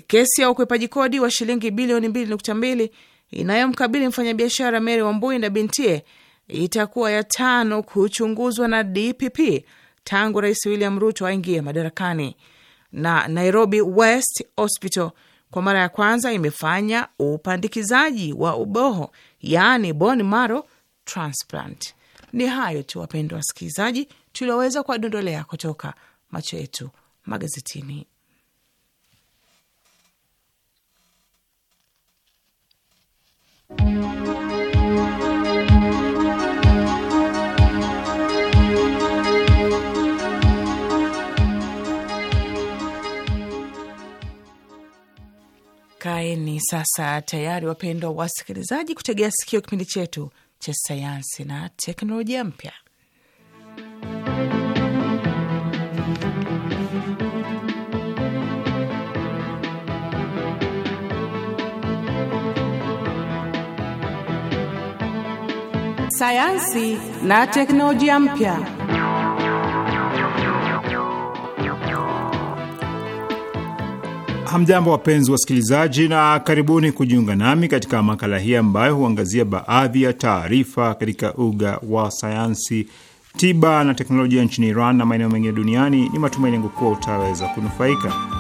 kesi ya ukwepaji kodi wa shilingi bilioni mbili inayomkabili mfanyabiashara Mary Wambui na bintie itakuwa ya tano kuchunguzwa na DPP tangu Rais William Ruto aingie madarakani. Na Nairobi West Hospital kwa mara ya kwanza imefanya upandikizaji wa uboho, yaani bone marrow transplant. Ni hayo tu wapendwa wasikilizaji, tulioweza kuwadondolea kutoka macho yetu magazetini. Kaeni sasa tayari, wapendwa wasikilizaji, kutegea sikio kipindi chetu cha sayansi na teknolojia mpya. Sayansi na teknolojia mpya. Hamjambo, wapenzi wasikilizaji, na karibuni kujiunga nami katika makala hii ambayo huangazia baadhi ya taarifa katika uga wa sayansi, tiba na teknolojia nchini Iran na maeneo mengine duniani. Ni matumaini yangu kuwa utaweza kunufaika.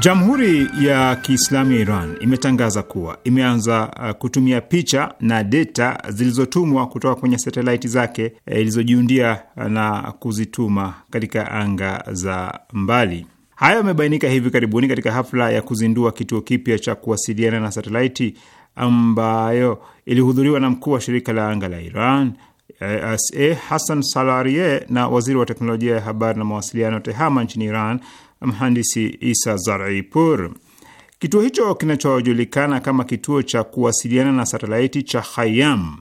Jamhuri ya Kiislamu ya Iran imetangaza kuwa imeanza uh, kutumia picha na data zilizotumwa kutoka kwenye satelaiti zake uh, ilizojiundia na kuzituma katika anga za mbali. Hayo yamebainika hivi karibuni katika hafla ya kuzindua kituo kipya cha kuwasiliana na satelaiti ambayo ilihudhuriwa na mkuu wa shirika la anga la Iran uh, ASA eh, Hassan Salarie na waziri wa teknolojia ya habari na mawasiliano TEHAMA nchini Iran mhandisi Isa Zaraipur. Kituo hicho kinachojulikana kama kituo cha kuwasiliana na satelaiti cha Hayam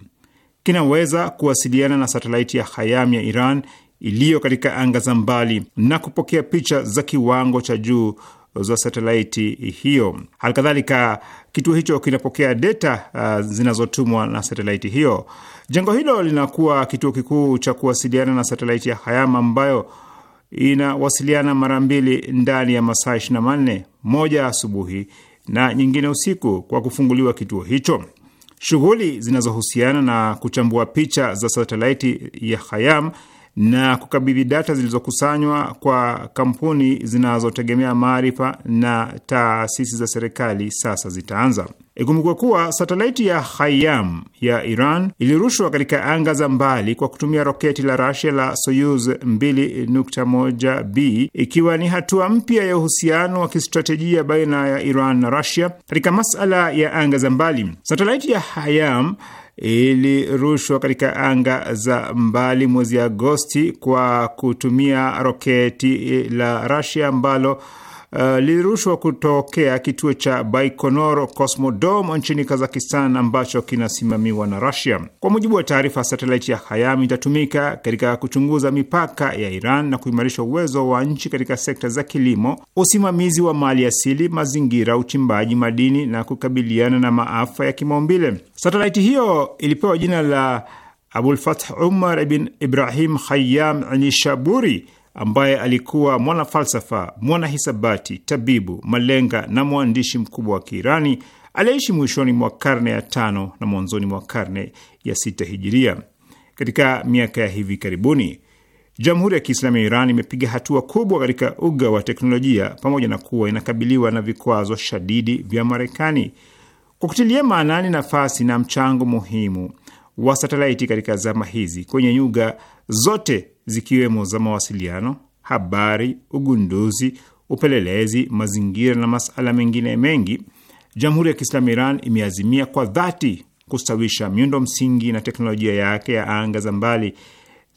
kinaweza kuwasiliana na satelaiti ya Hayam ya Iran iliyo katika anga za mbali na kupokea picha za kiwango cha juu za satelaiti hiyo. Halikadhalika, kituo hicho kinapokea data uh, zinazotumwa na satelaiti hiyo. Jengo hilo linakuwa kituo kikuu cha kuwasiliana na satelaiti ya Hayam ambayo inawasiliana mara mbili ndani ya masaa 24, moja asubuhi na nyingine usiku, kwa kufunguliwa kituo hicho. Shughuli zinazohusiana na kuchambua picha za satelaiti ya Khayam na kukabidhi data zilizokusanywa kwa kampuni zinazotegemea maarifa na taasisi za serikali sasa zitaanza. Ikumbukwe kuwa satelaiti ya Hayam ya Iran ilirushwa katika anga za mbali kwa kutumia roketi la Rasia la Soyuz 2.1b ikiwa ni hatua mpya ya uhusiano wa kistratejia baina ya Iran na Rasia katika masala ya anga za mbali. Satelaiti ya Hayam ilirushwa katika anga za mbali mwezi Agosti kwa kutumia roketi la Rasia ambalo uh, lilirushwa kutokea kituo cha Baikonoro Cosmodome nchini Kazakistan ambacho kinasimamiwa na Russia. Kwa mujibu wa taarifa, satelaiti ya Hayam itatumika katika kuchunguza mipaka ya Iran na kuimarisha uwezo wa nchi katika sekta za kilimo, usimamizi wa mali asili, mazingira, uchimbaji madini na kukabiliana na maafa ya kimaumbile. Satelaiti hiyo ilipewa jina la Abulfath Umar bin Ibrahim khayam Nishaburi ambaye alikuwa mwanafalsafa, mwanahisabati, tabibu, malenga na mwandishi mkubwa wa Kiirani aliyeishi mwishoni mwa karne ya tano na mwanzoni mwa karne ya sita hijiria. Katika miaka ya hivi karibuni, Jamhuri ya Kiislamu ya Iran imepiga hatua kubwa katika uga wa teknolojia, pamoja na kuwa inakabiliwa na vikwazo shadidi vya Marekani. Kwa kutilia maanani nafasi na mchango muhimu wa satelaiti katika zama hizi kwenye nyuga zote zikiwemo za mawasiliano, habari, ugunduzi, upelelezi, mazingira na masuala mengine mengi, Jamhuri ya Kiislamu Iran imeazimia kwa dhati kustawisha miundo msingi na teknolojia yake ya anga za mbali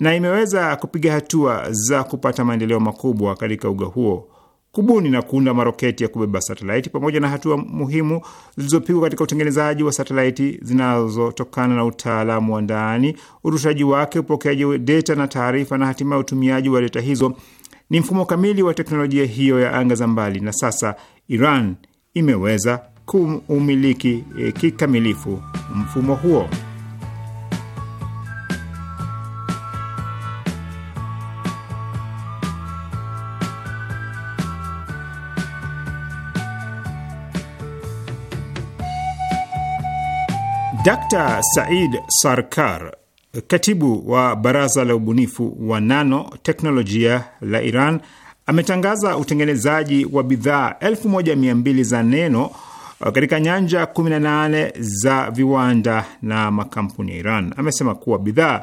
na imeweza kupiga hatua za kupata maendeleo makubwa katika uga huo kubuni na kuunda maroketi ya kubeba satelaiti pamoja na hatua muhimu zilizopigwa katika utengenezaji wa satelaiti zinazotokana na utaalamu wa ndani, urushaji wake, upokeaji wa data na taarifa, na hatimaye utumiaji wa data hizo, ni mfumo kamili wa teknolojia hiyo ya anga za mbali, na sasa Iran imeweza kuumiliki eh, kikamilifu mfumo huo. Dr. Said Sarkar, katibu wa baraza la ubunifu wa nano teknolojia la Iran, ametangaza utengenezaji wa bidhaa 1200 za neno uh, katika nyanja 18 za viwanda na makampuni ya Iran. Amesema kuwa bidhaa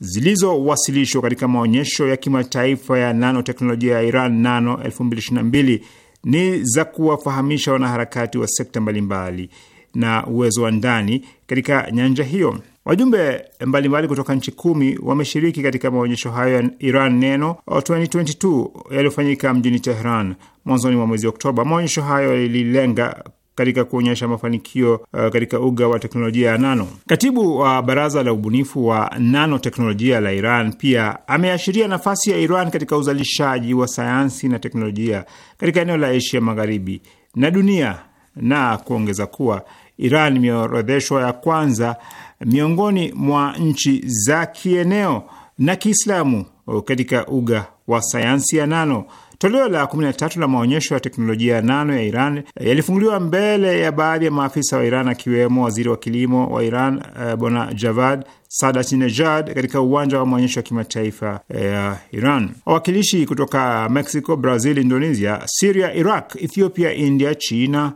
zilizowasilishwa katika maonyesho ya kimataifa ya nanoteknolojia ya Iran Nano 2022 ni za kuwafahamisha wanaharakati wa sekta mbalimbali na uwezo wa ndani katika nyanja hiyo. Wajumbe mbalimbali kutoka nchi kumi wameshiriki katika maonyesho hayo ya Iran Neno 2022 yaliyofanyika mjini Tehran mwanzoni mwa mwezi Oktoba. Maonyesho hayo yalilenga katika kuonyesha mafanikio uh, katika uga wa teknolojia ya nano. Katibu wa uh, baraza la ubunifu wa nanoteknolojia la Iran pia ameashiria nafasi ya Iran katika uzalishaji wa sayansi na teknolojia katika eneo la Asia Magharibi na dunia na kuongeza kuwa Iran imeorodheshwa ya kwanza miongoni mwa nchi za kieneo na Kiislamu katika uga wa sayansi ya nano. Toleo la 13 la maonyesho ya teknolojia ya nano ya Iran yalifunguliwa mbele ya baadhi ya maafisa wa Iran akiwemo waziri wa kilimo wa Iran eh, bwana Javad Sadatinejad katika uwanja wa maonyesho ya kimataifa eh, ya Iran. Wawakilishi kutoka Mexico, Brazil, Indonesia, Siria, Iraq, Ethiopia, India, China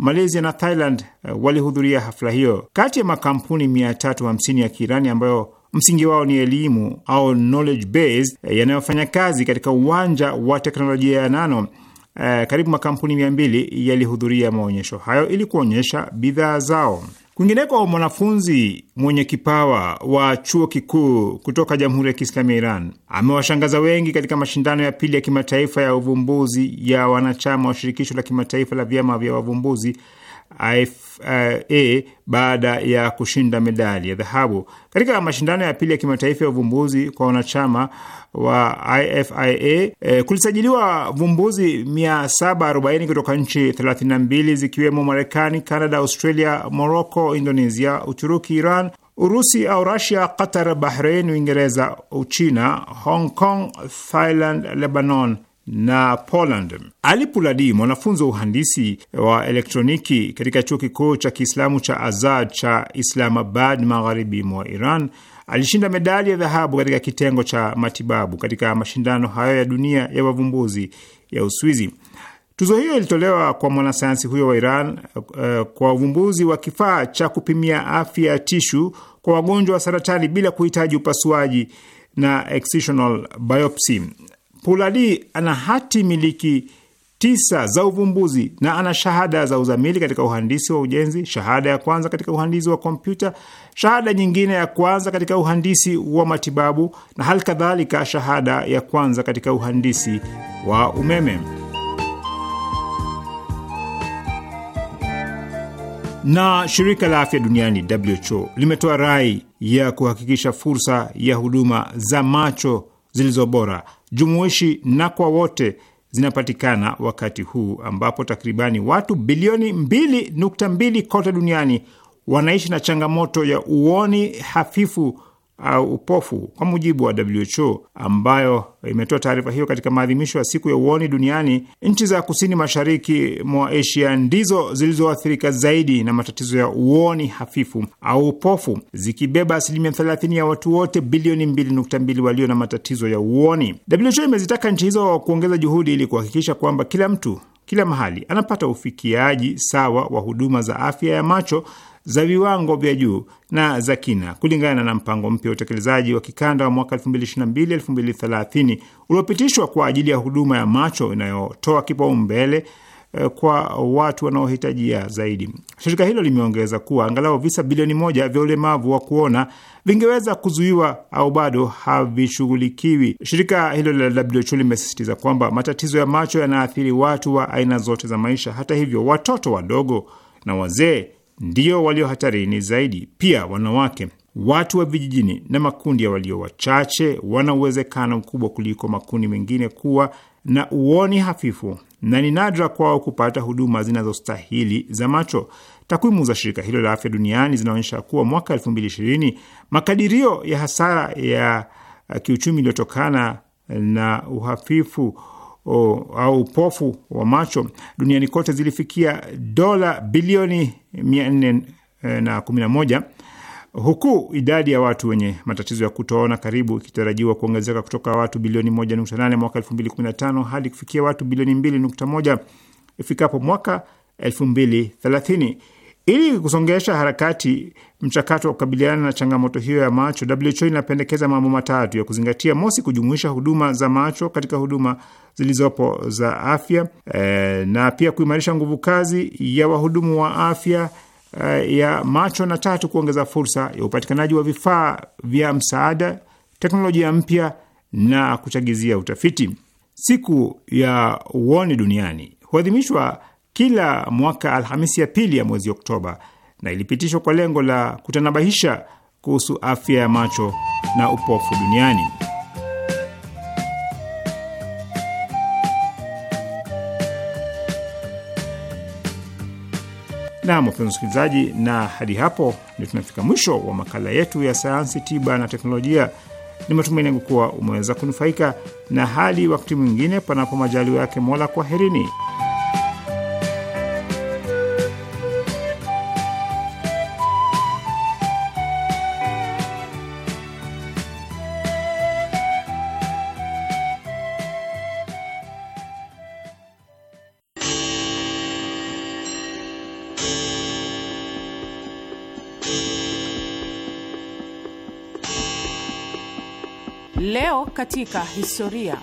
Malaysia na Thailand uh, walihudhuria hafla hiyo. Kati ya makampuni 350 ya Kiirani ambayo msingi wao ni elimu au knowledge base uh, yanayofanya kazi katika uwanja wa teknolojia ya nano, uh, karibu makampuni 200 yalihudhuria maonyesho hayo ili kuonyesha bidhaa zao. Kwingineko, mwanafunzi mwenye kipawa wa chuo kikuu kutoka Jamhuri ya Kiislamu ya Iran amewashangaza wengi katika mashindano ya pili ya kimataifa ya uvumbuzi ya wanachama wa Shirikisho la Kimataifa la Vyama vya Wavumbuzi IFA baada ya kushinda medali ya dhahabu katika mashindano ya pili ya kimataifa ya uvumbuzi kwa wanachama wa IFIA. E, eh, kulisajiliwa vumbuzi 740 kutoka nchi 32 zikiwemo Marekani, Canada, Australia, Morocco, Indonesia, Uturuki, Iran, Urusi au Russia, Qatar, Bahrain, Uingereza, Uchina, Hong Kong, Thailand, Lebanon na Poland. Ali Puladi, mwanafunzi wa uhandisi wa elektroniki katika chuo kikuu cha Kiislamu cha Azad cha Islamabad, magharibi mwa Iran, alishinda medali ya dhahabu katika kitengo cha matibabu katika mashindano hayo ya dunia ya wavumbuzi ya Uswizi. Tuzo hiyo ilitolewa kwa mwanasayansi huyo wa Iran uh, kwa uvumbuzi wa kifaa cha kupimia afya ya tishu kwa wagonjwa wa saratani bila kuhitaji upasuaji na excisional biopsy. Pulali ana hati miliki tisa za uvumbuzi na ana shahada za uzamili katika uhandisi wa ujenzi, shahada ya kwanza katika uhandisi wa kompyuta, shahada nyingine ya kwanza katika uhandisi wa matibabu na hali kadhalika shahada ya kwanza katika uhandisi wa umeme. Na shirika la afya duniani WHO limetoa rai ya kuhakikisha fursa ya huduma za macho zilizo bora jumuishi na kwa wote zinapatikana wakati huu ambapo takribani watu bilioni 2.2 kote duniani wanaishi na changamoto ya uoni hafifu au upofu, kwa mujibu wa WHO ambayo imetoa taarifa hiyo katika maadhimisho ya siku ya uoni duniani. Nchi za kusini mashariki mwa Asia ndizo zilizoathirika zaidi na matatizo ya uoni hafifu au upofu, zikibeba asilimia 30 ya watu wote bilioni 2.2 walio na matatizo ya uoni. WHO imezitaka nchi hizo kuongeza juhudi ili kuhakikisha kwamba kila mtu kila mahali anapata ufikiaji sawa wa huduma za afya ya macho za viwango vya juu na za kina kulingana na mpango mpya wa utekelezaji wa kikanda wa mwaka 2022-2030 uliopitishwa kwa ajili ya huduma ya macho inayotoa kipaumbele eh, kwa watu wanaohitajia zaidi. Shirika hilo limeongeza kuwa angalau visa bilioni moja vya ulemavu wa kuona vingeweza kuzuiwa au bado havishughulikiwi. Shirika hilo la WHO limesisitiza kwamba matatizo ya macho yanaathiri watu wa aina zote za maisha. Hata hivyo, watoto wadogo na wazee ndio walio hatarini zaidi. Pia wanawake, watu wa vijijini na makundi ya walio wachache wana uwezekano mkubwa kuliko makundi mengine kuwa na uoni hafifu na ni nadra kwao kupata huduma zinazostahili za macho. Takwimu za shirika hilo la afya duniani zinaonyesha kuwa mwaka 2020 makadirio ya hasara ya kiuchumi iliyotokana na uhafifu o, au upofu wa macho duniani kote zilifikia dola bilioni 411 eh, huku idadi ya watu wenye matatizo ya kutoona karibu ikitarajiwa kuongezeka kutoka watu bilioni 1.8 mwaka 2015 hadi kufikia watu bilioni 2.1 ifikapo mwaka 2030. Ili kusongesha harakati mchakato wa kukabiliana na changamoto hiyo ya macho, WHO inapendekeza mambo matatu ya kuzingatia: mosi, kujumuisha huduma za macho katika huduma zilizopo za afya e, na pia kuimarisha nguvu kazi ya wahudumu wa afya e, ya macho, na tatu, kuongeza fursa ya upatikanaji wa vifaa vya msaada, teknolojia mpya na kuchagizia utafiti. Siku ya uoni duniani huadhimishwa kila mwaka Alhamisi ya pili ya mwezi Oktoba na ilipitishwa kwa lengo la kutanabahisha kuhusu afya ya macho na upofu duniani. Nam wapenzi msikilizaji, na hadi hapo ndio tunafika mwisho wa makala yetu ya sayansi, tiba na teknolojia. Ni matumaini yangu kuwa umeweza kunufaika, na hadi wakati mwingine, panapo majaliwa yake Mola, kwaherini. katika historia.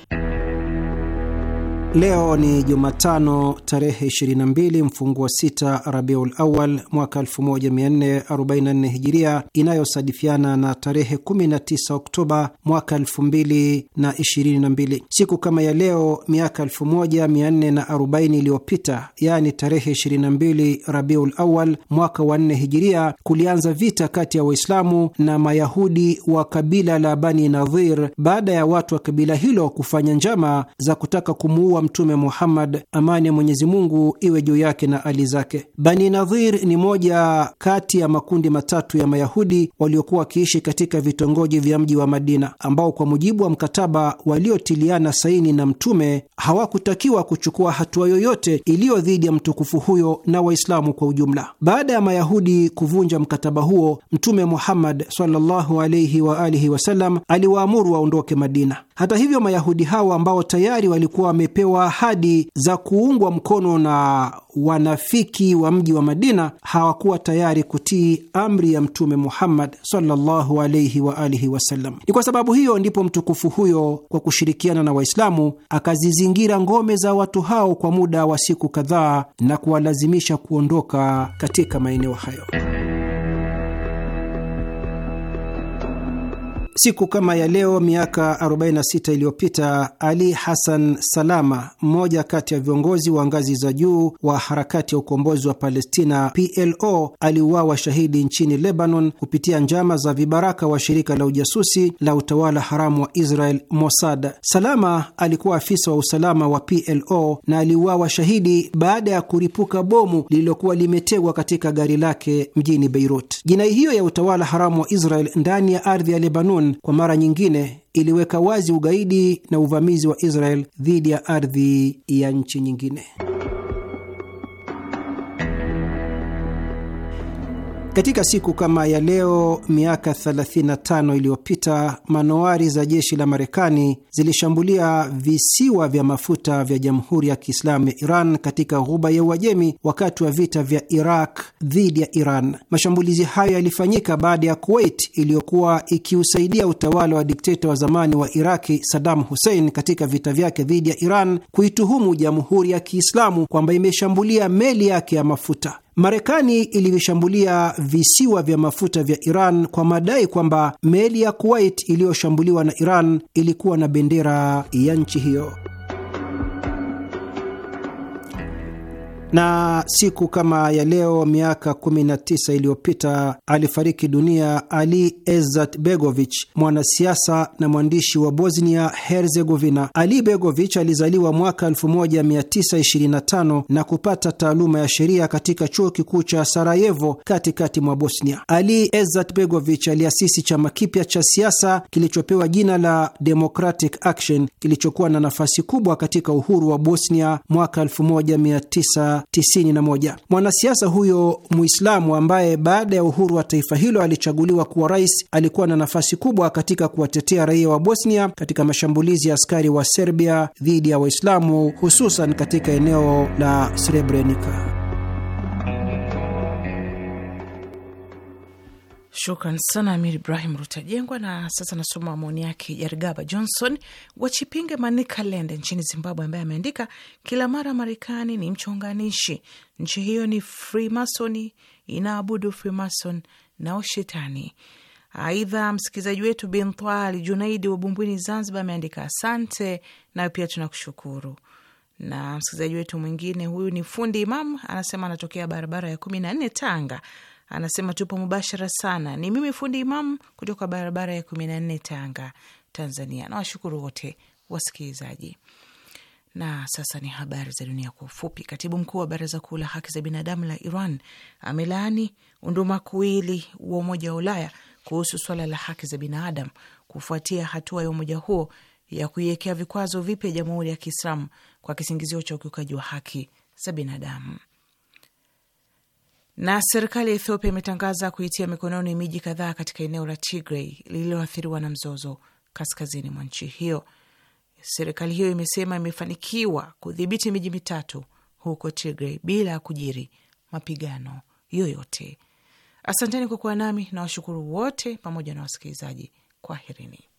Leo ni Jumatano tarehe 22 mfunguwa sita Rabiul Awal mwaka 1444 Hijiria, inayosadifiana na tarehe 19 Oktoba mwaka 2022. Siku kama ya leo miaka 1440 iliyopita, yaani tarehe 22 Rabiul Awal mwaka wa 4 Hijiria, kulianza vita kati ya Waislamu na Mayahudi wa kabila la Bani Nadhir baada ya watu wa kabila hilo kufanya njama za kutaka kumuua Mtume Muhammad, amani ya Mwenyezi Mungu iwe juu yake na ali zake. Bani Nadhir ni moja kati ya makundi matatu ya Mayahudi waliokuwa wakiishi katika vitongoji vya mji wa Madina, ambao kwa mujibu wa mkataba waliotiliana saini na Mtume hawakutakiwa kuchukua hatua yoyote iliyo dhidi ya mtukufu huyo na Waislamu kwa ujumla. Baada ya Mayahudi kuvunja mkataba huo, Mtume Muhammad sallallahu alaihi wa alihi wasallam aliwaamuru waondoke Madina. Hata hivyo, Mayahudi hao ambao tayari walikuwa wamepewa kutolewa ahadi za kuungwa mkono na wanafiki wa mji wa Madina hawakuwa tayari kutii amri ya Mtume Muhammad sallallahu alaihi wa alihi wasallam. Ni kwa sababu hiyo ndipo mtukufu huyo kwa kushirikiana na Waislamu akazizingira ngome za watu hao kwa muda wa siku kadhaa na kuwalazimisha kuondoka katika maeneo hayo. Siku kama ya leo miaka 46 iliyopita Ali Hassan Salama, mmoja kati ya viongozi wa ngazi za juu wa harakati ya ukombozi wa Palestina PLO, aliuawa shahidi nchini Lebanon kupitia njama za vibaraka wa shirika la ujasusi la utawala haramu wa Israel, Mossad. Salama alikuwa afisa wa usalama wa PLO na aliuawa shahidi baada ya kuripuka bomu lililokuwa limetegwa katika gari lake mjini Beirut. Jinai hiyo ya utawala haramu wa Israel ndani ya ardhi ya Lebanon kwa mara nyingine iliweka wazi ugaidi na uvamizi wa Israel dhidi ya ardhi ya nchi nyingine. Katika siku kama ya leo miaka 35 iliyopita manowari za jeshi la Marekani zilishambulia visiwa vya mafuta vya Jamhuri ya Kiislamu ya Iran katika ghuba ya Uajemi wakati wa vita vya Iraq dhidi ya Iran. Mashambulizi hayo yalifanyika baada ya Kuwait iliyokuwa ikiusaidia utawala wa dikteta wa zamani wa Iraki Saddam Hussein katika vita vyake dhidi ya Iran kuituhumu Jamhuri ya Kiislamu kwamba imeshambulia meli yake ya mafuta. Marekani ilivyoshambulia visiwa vya mafuta vya Iran kwa madai kwamba meli ya Kuwait iliyoshambuliwa na Iran ilikuwa na bendera ya nchi hiyo. na siku kama ya leo miaka 19 iliyopita alifariki dunia Ali Ezat Begovich, mwanasiasa na mwandishi wa Bosnia Herzegovina. Ali Begovich alizaliwa mwaka 1925 na kupata taaluma ya sheria katika chuo kikuu cha Sarajevo, katikati mwa Bosnia. Ali Ezat Begovich aliasisi chama kipya cha siasa kilichopewa jina la Democratic Action kilichokuwa na nafasi kubwa katika uhuru wa Bosnia mwaka 19 91. Mwanasiasa huyo Muislamu ambaye baada ya uhuru wa taifa hilo alichaguliwa kuwa rais, alikuwa na nafasi kubwa katika kuwatetea raia wa Bosnia katika mashambulizi ya askari wa Serbia dhidi ya Waislamu, hususan katika eneo la Srebrenica. Shukran sana Amir Ibrahim Rutajengwa. Na sasa nasoma maoni yake Jarigaba Johnson Wachipinge Manikalende nchini Zimbabwe, ambaye ameandika kila mara Marekani ni mchonganishi, nchi hiyo ni Freemasoni, inaabudu Freemason na ushetani. Aidha, msikilizaji wetu Bintwal Junaidi wa Bumbwini, Zanzibar, ameandika asante, nayo pia tunakushukuru. Na msikilizaji wetu mwingine huyu ni fundi Imam, anasema anatokea barabara ya kumi na nne Tanga anasema tupo mubashara sana. Ni mimi fundi Imamu kutoka barabara ya kumi na nne Tanga, Tanzania. Nawashukuru wote wasikilizaji. Na sasa ni habari za dunia kwa ufupi. Katibu mkuu wa baraza kuu la haki za binadamu la Iran amelaani undumakuwili wa Umoja wa Ulaya kuhusu swala la haki za binadamu kufuatia hatua ya umoja huo ya kuiwekea vikwazo vipya Jamhuri ya Kiislamu kwa kisingizio cha ukiukaji wa haki za binadamu. Na serikali ya Ethiopia imetangaza kuitia mikononi miji kadhaa katika eneo la Tigray lililoathiriwa na mzozo kaskazini mwa nchi hiyo. Serikali hiyo imesema imefanikiwa kudhibiti miji mitatu huko Tigray bila ya kujiri mapigano yoyote. Asanteni kwa kuwa nami na washukuru wote pamoja na wasikilizaji. Kwaherini.